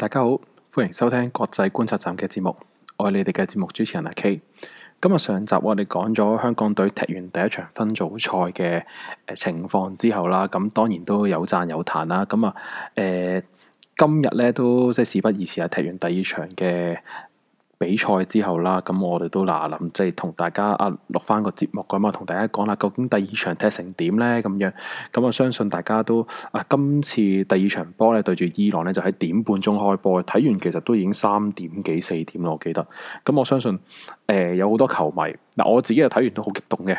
大家好，歡迎收聽國際觀察站嘅節目，我係你哋嘅節目主持人阿 K。今日上集我哋講咗香港隊踢完第一場分組賽嘅誒情況之後啦，咁當然都有讚有彈啦。咁啊，誒今日咧都即係事不宜遲啊，踢完第二場嘅。比賽之後啦，咁我哋都嗱諗，即係同大家啊錄翻個節目咁啊，同大家講啦，究竟第二場踢成點呢？咁樣咁啊，我相信大家都啊，今次第二場波咧對住伊朗咧，就喺點半鐘開波。睇完其實都已經三點幾四點咯，我記得。咁我相信誒、呃、有好多球迷，嗱、啊、我自己啊睇完都好激動嘅，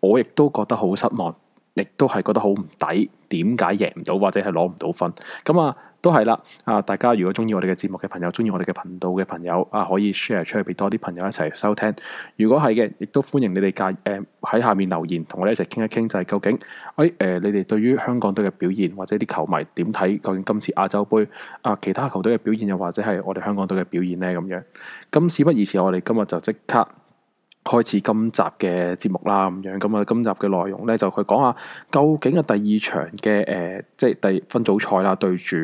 我亦都覺得好失望，亦都係覺得好唔抵，點解贏唔到或者係攞唔到分？咁、嗯、啊～都係啦，啊！大家如果中意我哋嘅節目嘅朋友，中意我哋嘅頻道嘅朋友，啊，可以 share 出去俾多啲朋友一齊收聽。如果係嘅，亦都歡迎你哋介，誒、呃、喺下面留言，同我哋一齊傾一傾，就係究竟，誒、哎，誒、呃，你哋對於香港隊嘅表現，或者啲球迷點睇？究竟今次亞洲盃，啊，其他球隊嘅表現，又或者係我哋香港隊嘅表現呢？咁樣，咁事不宜遲，我哋今日就即刻。開始今集嘅節目啦，咁樣咁啊，今集嘅內容咧就去講下究竟嘅第二場嘅誒，即係第分組賽啦，對住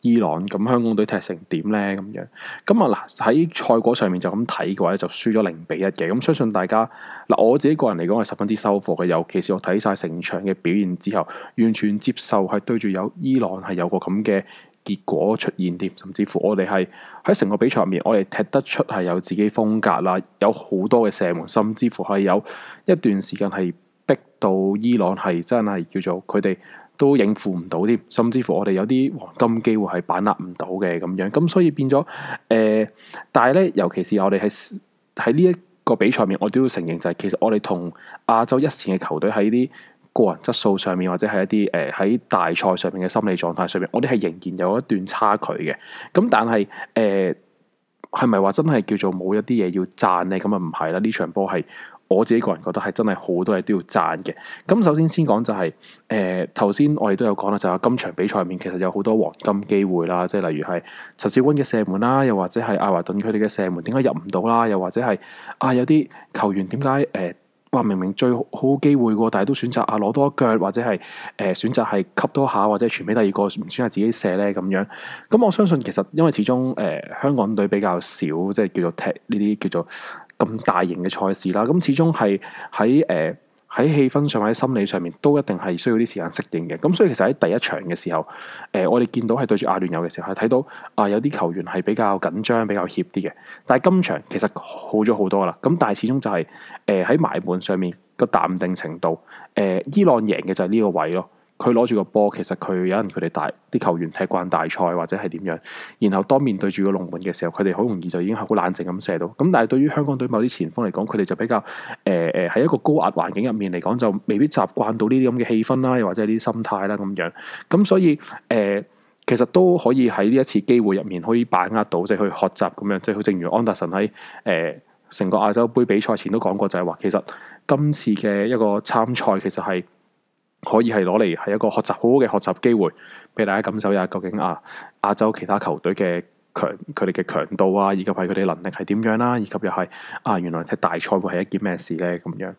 伊朗咁香港隊踢成點咧咁樣咁啊嗱喺賽果上面就咁睇嘅話咧就輸咗零比一嘅咁，相信大家嗱我自己個人嚟講係十分之收貨嘅，尤其是我睇晒成場嘅表現之後，完全接受係對住有伊朗係有個咁嘅。結果出現添，甚至乎我哋係喺成個比賽入面，我哋踢得出係有自己風格啦，有好多嘅射門，甚至乎係有一段時間係逼到伊朗係真係叫做佢哋都應付唔到添，甚至乎我哋有啲黃金機會係把握唔到嘅咁樣，咁所以變咗誒、呃，但係咧，尤其是我哋係喺呢一個比賽入面，我都要承認就係其實我哋同亞洲一線嘅球隊喺啲。個人質素上面或者係一啲誒喺大賽上面嘅心理狀態上面，我哋係仍然有一段差距嘅。咁但係誒係咪話真係叫做冇一啲嘢要讚咧？咁啊唔係啦，呢場波係我自己個人覺得係真係好多嘢都要讚嘅。咁首先先講就係誒頭先我哋都有講啦，就係今場比賽入面其實有好多黃金機會啦，即係例如係陳肇鈞嘅射門啦，又或者係阿華頓佢哋嘅射門點解入唔到啦，又或者係啊有啲球員點解誒？呃話明明最好好機會喎，但係都選擇啊攞多一腳，或者係誒、呃、選擇係吸多下，或者傳俾第二個，唔選擇自己射咧咁樣。咁我相信其實因為始終誒、呃、香港隊比較少，即係叫做踢呢啲叫做咁大型嘅賽事啦。咁始終係喺誒。呃喺氣氛上、喺心理上面都一定係需要啲時間適應嘅。咁所以其實喺第一場嘅時候，誒、呃、我哋見到係對住阿聯酋嘅時候，係睇到啊、呃、有啲球員係比較緊張、比較怯啲嘅。但係今場其實好咗好多啦。咁但係始終就係誒喺埋門上面個淡定程度，誒、呃、伊朗贏嘅就係呢個位咯。佢攞住個波，其實佢有人佢哋大啲球員踢慣大賽或者係點樣，然後當面對住個龍門嘅時候，佢哋好容易就已經係好冷靜咁射到。咁但係對於香港隊某啲前鋒嚟講，佢哋就比較誒誒，喺一個高壓環境入面嚟講，就未必習慣到呢啲咁嘅氣氛啦，又或者係啲心態啦咁樣。咁所以誒，其實都可以喺呢一次機會入面可以把握到，即係去學習咁樣。即係，正如安達臣喺誒成個亞洲盃比賽前都講過，就係話其實今次嘅一個參賽其實係。可以係攞嚟係一個學習好好嘅學習機會，俾大家感受一下究竟啊亞洲其他球隊嘅強佢哋嘅強度啊，以及係佢哋能力係點樣啦，啊，以及又係啊原來踢大賽會係一件咩事咧咁樣。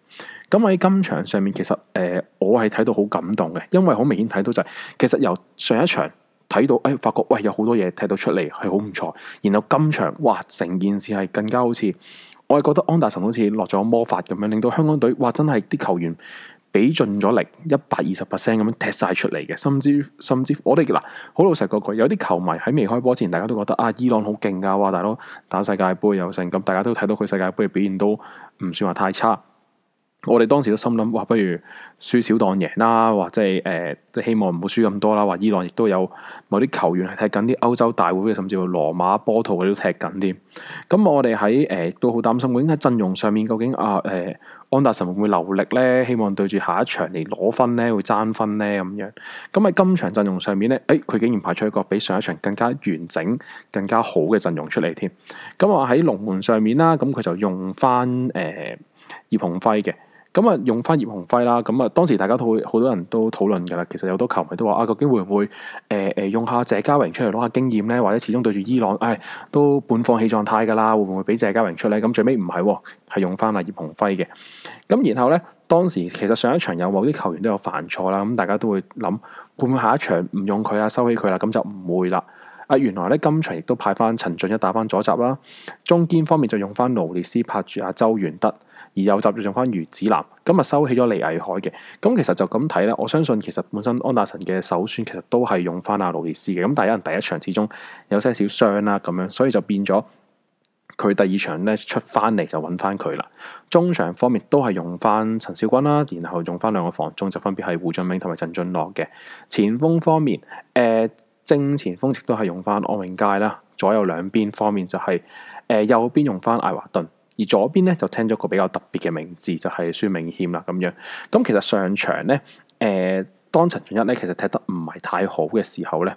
咁喺今場上面，其實誒、呃、我係睇到好感動嘅，因為好明顯睇到就係、是、其實由上一場睇到誒、哎，發覺喂有好多嘢踢到出嚟係好唔錯，然後今場哇成件事係更加好似我係覺得安達臣好似落咗魔法咁樣，令到香港隊哇真係啲球員。俾盡咗力，一百二十 percent 咁樣踢晒出嚟嘅，甚至甚至我哋嗱，好老實講句，有啲球迷喺未開波之前，大家都覺得啊，伊朗好勁㗎，話大佬打世界盃又成，咁大家都睇到佢世界盃嘅表現都唔算話太差。我哋當時都心諗話，不如輸少當贏啦，或即係誒，即、呃、係希望唔好輸咁多啦。話伊朗亦都有某啲球員係踢緊啲歐洲大會，甚至乎羅馬波圖嗰啲都踢緊添。咁我哋喺誒都好擔心，究竟喺陣容上面究竟啊誒？呃呃安達臣會唔會留力咧？希望對住下一場嚟攞分咧會爭分咧咁樣。咁喺今場陣容上面咧，誒、哎，佢竟然排出一個比上一場更加完整、更加好嘅陣容出嚟添。咁啊喺龍門上面啦，咁佢就用返誒葉鴻輝嘅。呃咁啊，用翻葉鴻輝啦。咁啊，當時大家都好多人都討論㗎啦。其實有多球迷都話：啊，究竟會唔會誒誒、呃、用下謝家榮出嚟攞下經驗咧？或者始終對住伊朗，誒、哎、都半放棄狀態㗎啦。會唔會俾謝家榮出咧？咁最尾唔係喎，係用翻阿葉鴻輝嘅。咁然後咧，當時其實上一場有冇啲球員都有犯錯啦。咁大家都會諗會唔會下一場唔用佢啦，收起佢啦。咁就唔會啦。啊，原來咧今場亦都派翻陳俊一打翻左閘啦。中堅方面就用翻勞烈斯拍住阿周元德。而右閘用翻余子南，咁啊收起咗李毅海嘅。咁其實就咁睇咧，我相信其實本身安達臣嘅首選其實都係用翻阿勞烈斯嘅。咁但第一第一場始終有些少傷啦，咁樣，所以就變咗佢第二場咧出翻嚟就揾翻佢啦。中場方面都係用翻陳少君啦，然後用翻兩個防中就分別係胡俊明同埋陳俊樂嘅。前鋒方面，誒、呃、正前鋒亦都係用翻安永佳啦。左右兩邊方面就係、是、誒、呃、右邊用翻艾華頓。而左邊咧就聽咗個比較特別嘅名字，就係、是、孫明謙啦咁樣。咁其實上場咧，誒、呃、當陳俊一咧其實踢得唔係太好嘅時候咧，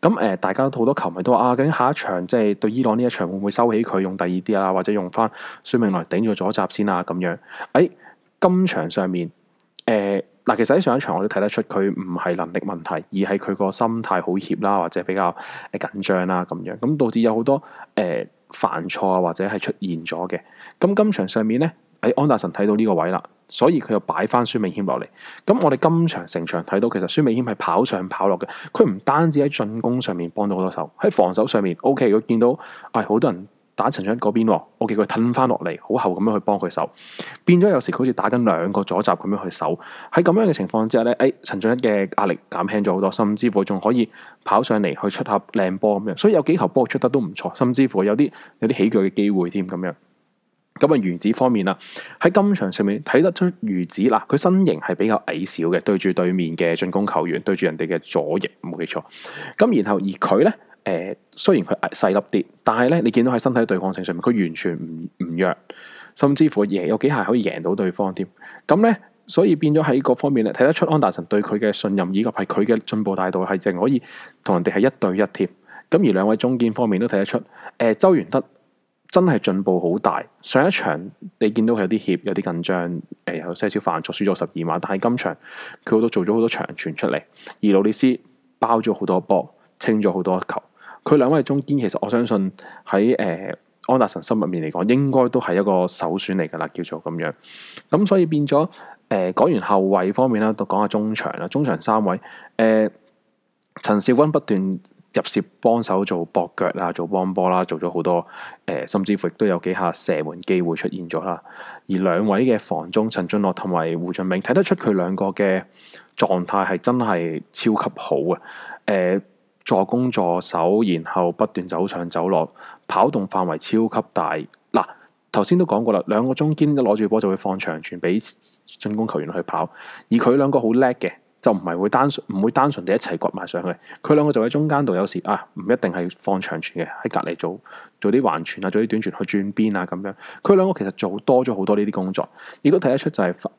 咁誒、呃、大家都好多球迷都話啊，究竟下一場即係、就是、對伊朗呢一場會唔會收起佢用第二啲啊，或者用翻孫明來頂住左閘先啊咁樣？誒、欸、今場上面誒嗱、呃，其實喺上一場我都睇得出佢唔係能力問題，而係佢個心態好怯啦，或者比較緊張啦咁樣，咁導致有好多誒、呃犯錯啊，或者係出現咗嘅。咁今場上面呢，喺安達臣睇到呢個位啦，所以佢又擺翻孫美謙落嚟。咁我哋今場成場睇到，其實孫美謙係跑上跑落嘅。佢唔單止喺進攻上面幫到好多手，喺防守上面，OK，佢見到，唉，好多人。打陳俊一嗰邊，我見佢褪翻落嚟，好後咁樣去幫佢守，變咗有時佢好似打緊兩個左閘咁樣去守。喺咁樣嘅情況之下咧，誒，陳俊一嘅壓力減輕咗好多，甚至乎仲可以跑上嚟去出下靚波咁樣。所以有幾球波出得都唔錯，甚至乎有啲有啲起腳嘅機會添咁樣。咁啊，原子方面啦，喺今場上面睇得出原子嗱，佢身形係比較矮小嘅，對住對面嘅進攻球員，對住人哋嘅左翼冇記錯。咁然後而佢咧。誒，雖然佢細粒啲，但係咧，你見到喺身體對抗性上面，佢完全唔唔弱，甚至乎贏有幾下可以贏到對方添。咁咧，所以變咗喺各方面咧，睇得出安達臣對佢嘅信任，以及係佢嘅進步態度係淨可以同人哋係一對一貼。咁而兩位中堅方面都睇得出，誒、呃，周元德真係進步好大。上一場你見到佢有啲怯，有啲緊張，誒、呃，有些少犯錯，輸咗十二碼。但係今場佢都做咗好多長傳出嚟，而路利斯包咗好多波，清咗好多球。佢兩位中堅，其實我相信喺誒、呃、安達臣心入面嚟講，應該都係一個首選嚟噶啦，叫做咁樣。咁所以變咗誒，講完後衞方面啦，都講下中場啦。中場三位誒，陳肇鈞不斷入攝幫手做駁腳啦，做幫波啦，做咗好多誒、呃，甚至乎亦都有幾下射門機會出現咗啦。而兩位嘅防中陳俊樂同埋胡俊明，睇得出佢兩個嘅狀態係真係超級好嘅，誒、呃。助攻助手，然後不斷走上走落，跑動範圍超級大。嗱、啊，頭先都講過啦，兩個中堅攞住波就會放長傳俾進攻球員去跑，而佢兩個好叻嘅，就唔係會單純唔會單純地一齊掘埋上去。佢兩個就喺中間度，有時啊，唔一定係放長傳嘅，喺隔籬做做啲橫傳啊，做啲短傳去轉邊啊，咁樣。佢兩個其實做多咗好多呢啲工作，亦都睇得出就係、是、誒，佢、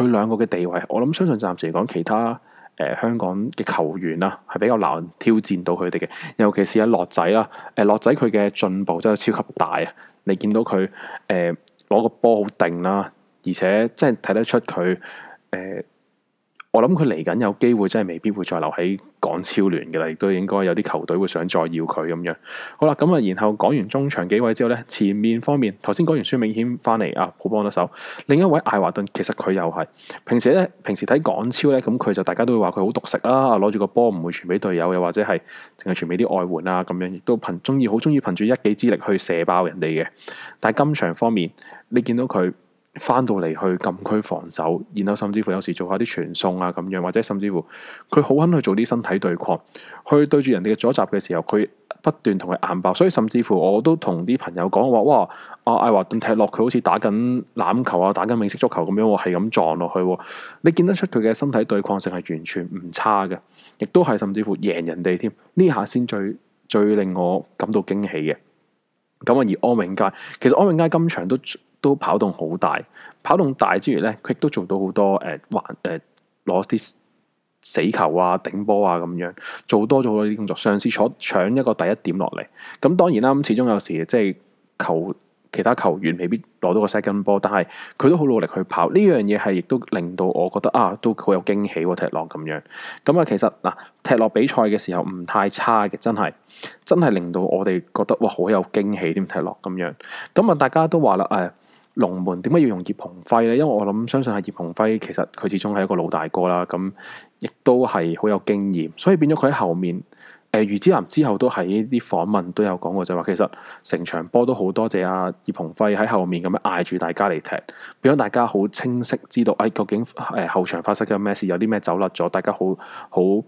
呃、兩個嘅地位。我諗相信暫時嚟講，其他。誒、呃、香港嘅球員啦、啊，係比較難挑戰到佢哋嘅，尤其是阿、啊、樂仔啦、啊。誒、呃、樂仔佢嘅進步真係超級大啊！你見到佢誒攞個波好定啦、啊，而且真係睇得出佢。我諗佢嚟緊有機會，真係未必會再留喺港超聯嘅啦，亦都應該有啲球隊會想再要佢咁樣。好啦，咁啊，然後講完中場幾位之後呢，前面方面，頭先講完孫銘謙翻嚟啊，好幫到手。另一位艾華頓，其實佢又係平時呢，平時睇港超呢。咁佢就大家都會話佢好獨食啦，攞住個波唔會傳俾隊友，又或者係淨係傳俾啲外援啊咁樣，亦都憑中意好中意憑住一己之力去射爆人哋嘅。但係今場方面，你見到佢。翻到嚟去禁區防守，然後甚至乎有時做下啲傳送啊咁樣，或者甚至乎佢好肯去做啲身體對抗，去對住人哋嘅阻閘嘅時候，佢不斷同佢硬爆，所以甚至乎我都同啲朋友講話，哇，阿艾華頓踢落佢好似打緊欖球啊，哎、打緊美式足球咁樣，我係咁撞落去，哦，你見得出佢嘅身體對抗性係完全唔差嘅，亦都係甚至乎贏人哋添。呢下，先最最令我感到驚喜嘅。咁啊，而安永佳，其實安永佳今場都。都跑動好大，跑動大之餘咧，佢亦都做到好多誒，還誒攞啲死球啊、頂波啊咁樣，做多咗好多啲工作。上司搶搶一個第一點落嚟，咁當然啦，咁始終有時即係球其他球員未必攞到個 second 波，但係佢都好努力去跑。呢樣嘢係亦都令到我覺得啊，都好有驚喜喎、啊！踢落咁樣，咁啊，其實嗱、啊，踢落比賽嘅時候唔太差嘅，真係真係令到我哋覺得哇，好有驚喜添、啊！踢落咁樣，咁啊，大家都話啦誒。啊啊龍門點解要用葉鴻輝咧？因為我諗相信係葉鴻輝，其實佢始終係一個老大哥啦，咁亦都係好有經驗，所以變咗佢喺後面，誒、呃，余子南之後都喺啲訪問都有講過就係、是、話，其實成場波都好多謝阿葉鴻輝喺後面咁樣嗌住大家嚟踢，變咗大家好清晰知道誒、哎、究竟誒後場發生咗咩事，有啲咩走甩咗，大家好好誒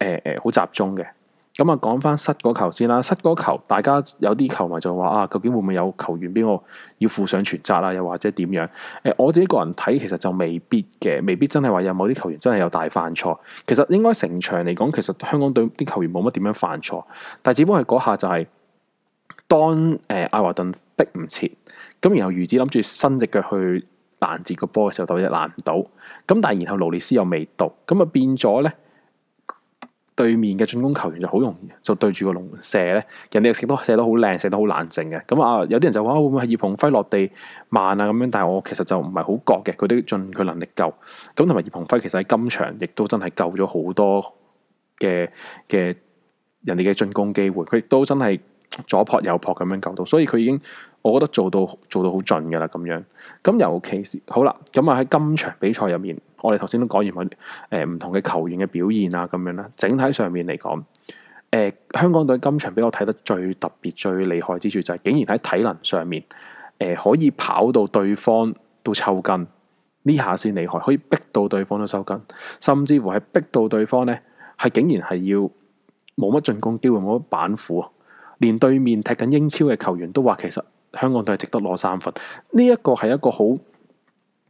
誒好集中嘅。咁啊，講返失嗰球先啦。失嗰球，大家有啲球迷就話啊，究竟會唔會有球員邊個要負上全責啊？又或者點樣？誒、呃，我自己個人睇，其實就未必嘅，未必真係話有某啲球員真係有大犯錯。其實應該成場嚟講，其實香港隊啲球員冇乜點樣犯錯，但係只不過係嗰下就係、是、當誒、呃，艾華頓逼唔切，咁然後如子諗住伸隻腳去攔截個波嘅時候，到一攔唔到，咁但係然後勞列斯又未到，咁啊變咗咧。對面嘅進攻球員就好容易就對住個龍門射咧，人哋又射到射到好靚，射得好冷靜嘅。咁啊，有啲人就話會唔會係葉鴻輝落地慢啊咁樣，但係我其實就唔係好覺嘅，佢都盡佢能力救，咁同埋葉鴻輝其實喺今場亦都真係救咗好多嘅嘅人哋嘅進攻機會，佢亦都真係。左撲右撲咁樣搞到，所以佢已經我覺得做到做到好盡㗎喇。咁樣咁尤其是好啦，咁啊喺今場比賽入面，我哋頭先都講完誒唔同嘅球員嘅表現啊，咁樣啦。整體上面嚟講，誒、呃、香港隊今場俾我睇得最特別、最厲害之處就係，竟然喺體能上面誒、呃、可以跑到對方都抽筋呢下先厲害，可以逼到對方都抽筋，甚至乎係逼到對方咧係竟然係要冇乜進攻機會，冇乜板斧啊。連對面踢緊英超嘅球員都話，其實香港隊係值得攞三分。呢一個係一個好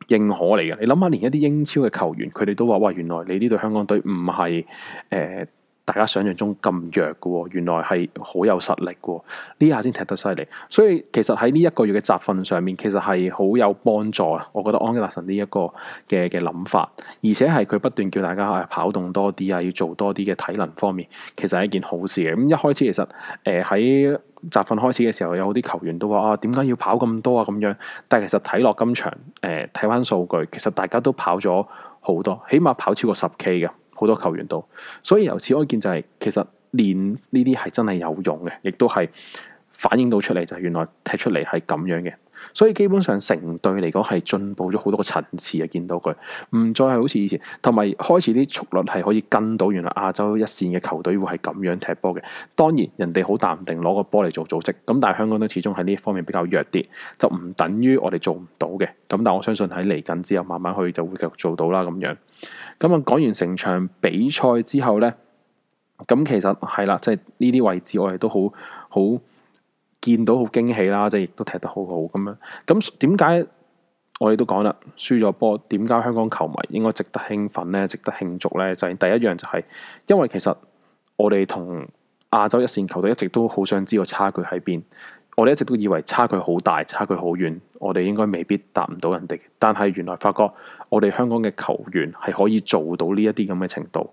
認可嚟嘅。你諗下，連一啲英超嘅球員，佢哋都話：哇，原來你呢隊香港隊唔係誒。呃大家想象中咁弱嘅喎，哦，原來係好有實力嘅喎，哦，呢下先踢得犀利。所以其實喺呢一個月嘅集訓上面，其實係好有幫助啊。我覺得安達臣呢一個嘅嘅諗法，而且係佢不斷叫大家啊跑動多啲啊，要做多啲嘅體能方面，其實係一件好事嘅。咁一開始其實誒喺、呃、集訓開始嘅時候，有啲球員都話啊，點解要跑咁多啊？咁樣，但係其實睇落今場誒，睇翻數據，其實大家都跑咗好多，起碼跑超過十 K 嘅。好多球員都。所以由此可見，就係其實練呢啲係真係有用嘅，亦都係反映到出嚟，就係原來踢出嚟係咁樣嘅。所以基本上成隊嚟講係進步咗好多個層次啊，見到佢唔再係好似以前，同埋開始啲速率係可以跟到原來亞洲一線嘅球隊會係咁樣踢波嘅。當然人哋好淡定攞個波嚟做組織，咁但係香港都始終喺呢一方面比較弱啲，就唔等於我哋做唔到嘅。咁但我相信喺嚟緊之後慢慢去就會繼續做到啦咁樣。咁啊，講完成場比賽之後咧，咁其實係啦，即係呢啲位置我哋都好好。見到好驚喜啦，即係亦都踢得好好咁樣。咁點解我哋都講啦，輸咗波，點解香港球迷應該值得興奮呢？值得慶祝呢？就係第一樣就係，因為其實我哋同亞洲一線球隊一直都好想知道差距喺邊。我哋一直都以為差距好大，差距好遠，我哋應該未必答唔到人哋。但係原來發覺我哋香港嘅球員係可以做到呢一啲咁嘅程度。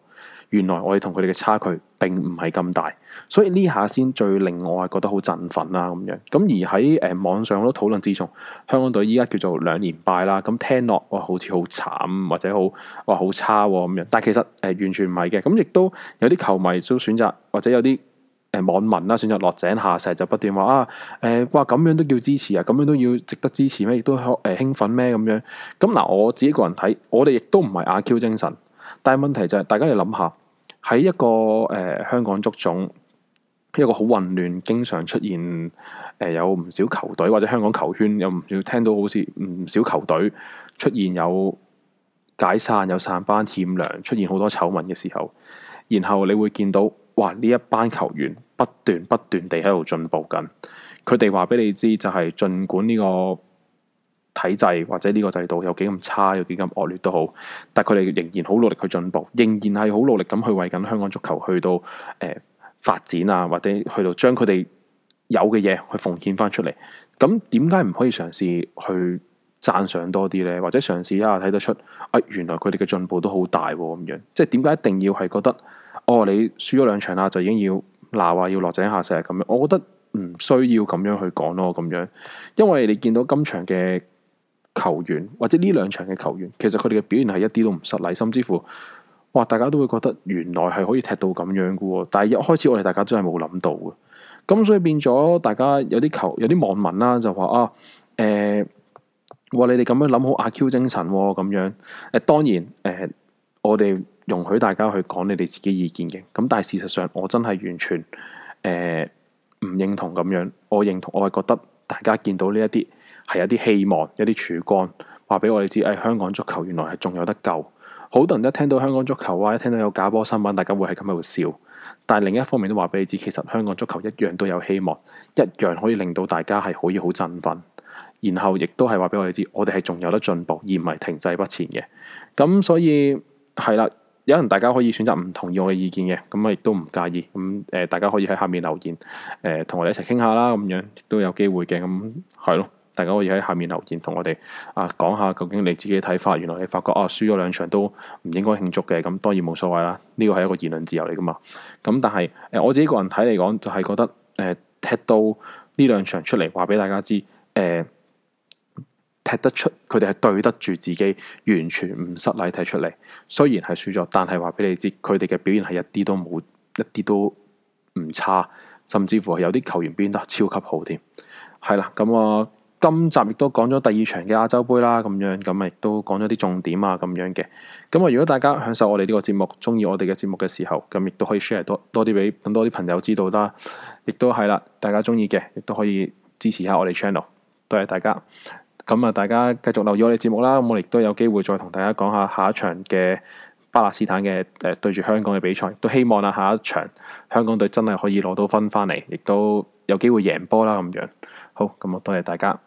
原來我哋同佢哋嘅差距並唔係咁大，所以呢下先最令我係覺得好振奮啦咁樣。咁而喺誒、呃、網上都討論之中，香港隊依家叫做兩連敗啦。咁聽落哇，好似好慘或者好哇好差咁、啊、樣。但係其實誒、呃、完全唔係嘅。咁亦都有啲球迷都選擇，或者有啲誒、呃、網民啦選擇落井下石，就不斷話啊誒、呃、哇咁樣都叫支持啊，咁樣都要值得支持咩？亦都係、呃、興奮咩？咁樣咁嗱、呃，我自己個人睇，我哋亦都唔係阿 Q 精神。但係問題就係、是、大家你諗下。喺一個誒、呃、香港足總，一個好混亂，經常出現誒、呃、有唔少球隊，或者香港球圈有唔少，聽到好似唔少球隊出現有解散、有散班、欠糧，出現好多醜聞嘅時候，然後你會見到，哇！呢一班球員不斷不斷地喺度進步緊，佢哋話俾你知就係，儘管呢、這個，體制或者呢個制度有幾咁差，有幾咁惡劣都好，但佢哋仍然好努力去進步，仍然係好努力咁去為緊香港足球去到誒、呃、發展啊，或者去到將佢哋有嘅嘢去奉獻翻出嚟。咁點解唔可以嘗試去讚賞多啲呢？或者嘗試一下睇得出，哎、啊，原來佢哋嘅進步都好大喎、啊，咁樣。即係點解一定要係覺得，哦，你輸咗兩場啦，就已經要鬧話要落井下石咁樣？我覺得唔需要咁樣去講咯，咁樣，因為你見到今場嘅。球員或者呢兩場嘅球員，其實佢哋嘅表現係一啲都唔失禮，甚至乎，哇！大家都會覺得原來係可以踢到咁樣噶喎，但係一開始我哋大家真係冇諗到嘅，咁所以變咗大家有啲球有啲網民啦就話啊，誒，哇、啊欸、你哋咁樣諗好阿、啊、Q 精神咁、啊、樣，誒、欸，當然，誒、欸，我哋容許大家去講你哋自己意見嘅，咁但係事實上我真係完全，誒、欸，唔認同咁樣，我認同我係覺得大家見到呢一啲。係一啲希望，一啲曙光，話俾我哋知，誒、哎，香港足球原來係仲有得救。好多人一聽到香港足球啊，一聽到有假波新聞，大家會係咁樣喺度笑。但係另一方面都話俾你知，其實香港足球一樣都有希望，一樣可以令到大家係可以好振奮。然後亦都係話俾我哋知，我哋係仲有得進步，而唔係停滯不前嘅。咁所以係啦，有人大家可以選擇唔同意我嘅意見嘅，咁啊亦都唔介意。咁誒，大家可以喺下面留言，誒、呃，同我哋一齊傾下啦，咁樣亦都有機會嘅。咁係咯。大家可以喺下面留言，同我哋啊講下究竟你自己嘅睇法。原來你發覺啊輸咗兩場都唔應該慶祝嘅，咁當然冇所謂啦。呢個係一個言論自由嚟噶嘛。咁但係誒、呃、我自己個人睇嚟講，就係、是、覺得誒、呃、踢到呢兩場出嚟，話俾大家知，誒、呃、踢得出，佢哋係對得住自己，完全唔失禮踢出嚟。雖然係輸咗，但係話俾你知，佢哋嘅表現係一啲都冇，一啲都唔差，甚至乎係有啲球員表現得超級好添。係、嗯、啦，咁、嗯、我。嗯嗯嗯嗯嗯今集亦都講咗第二場嘅亞洲杯啦，咁樣咁亦都講咗啲重點啊，咁樣嘅。咁啊，如果大家享受我哋呢個節目，中意我哋嘅節目嘅時候，咁亦都可以 share 多多啲俾更多啲朋友知道啦。亦都係啦，大家中意嘅，亦都可以支持下我哋 channel。多謝大家。咁啊，大家繼續留意我哋節目啦。咁我哋亦都有機會再同大家講下下一場嘅巴勒斯坦嘅誒對住香港嘅比賽。都希望啦，下一場香港隊真係可以攞到分翻嚟，亦都有機會贏波啦，咁樣。好，咁啊，多謝大家。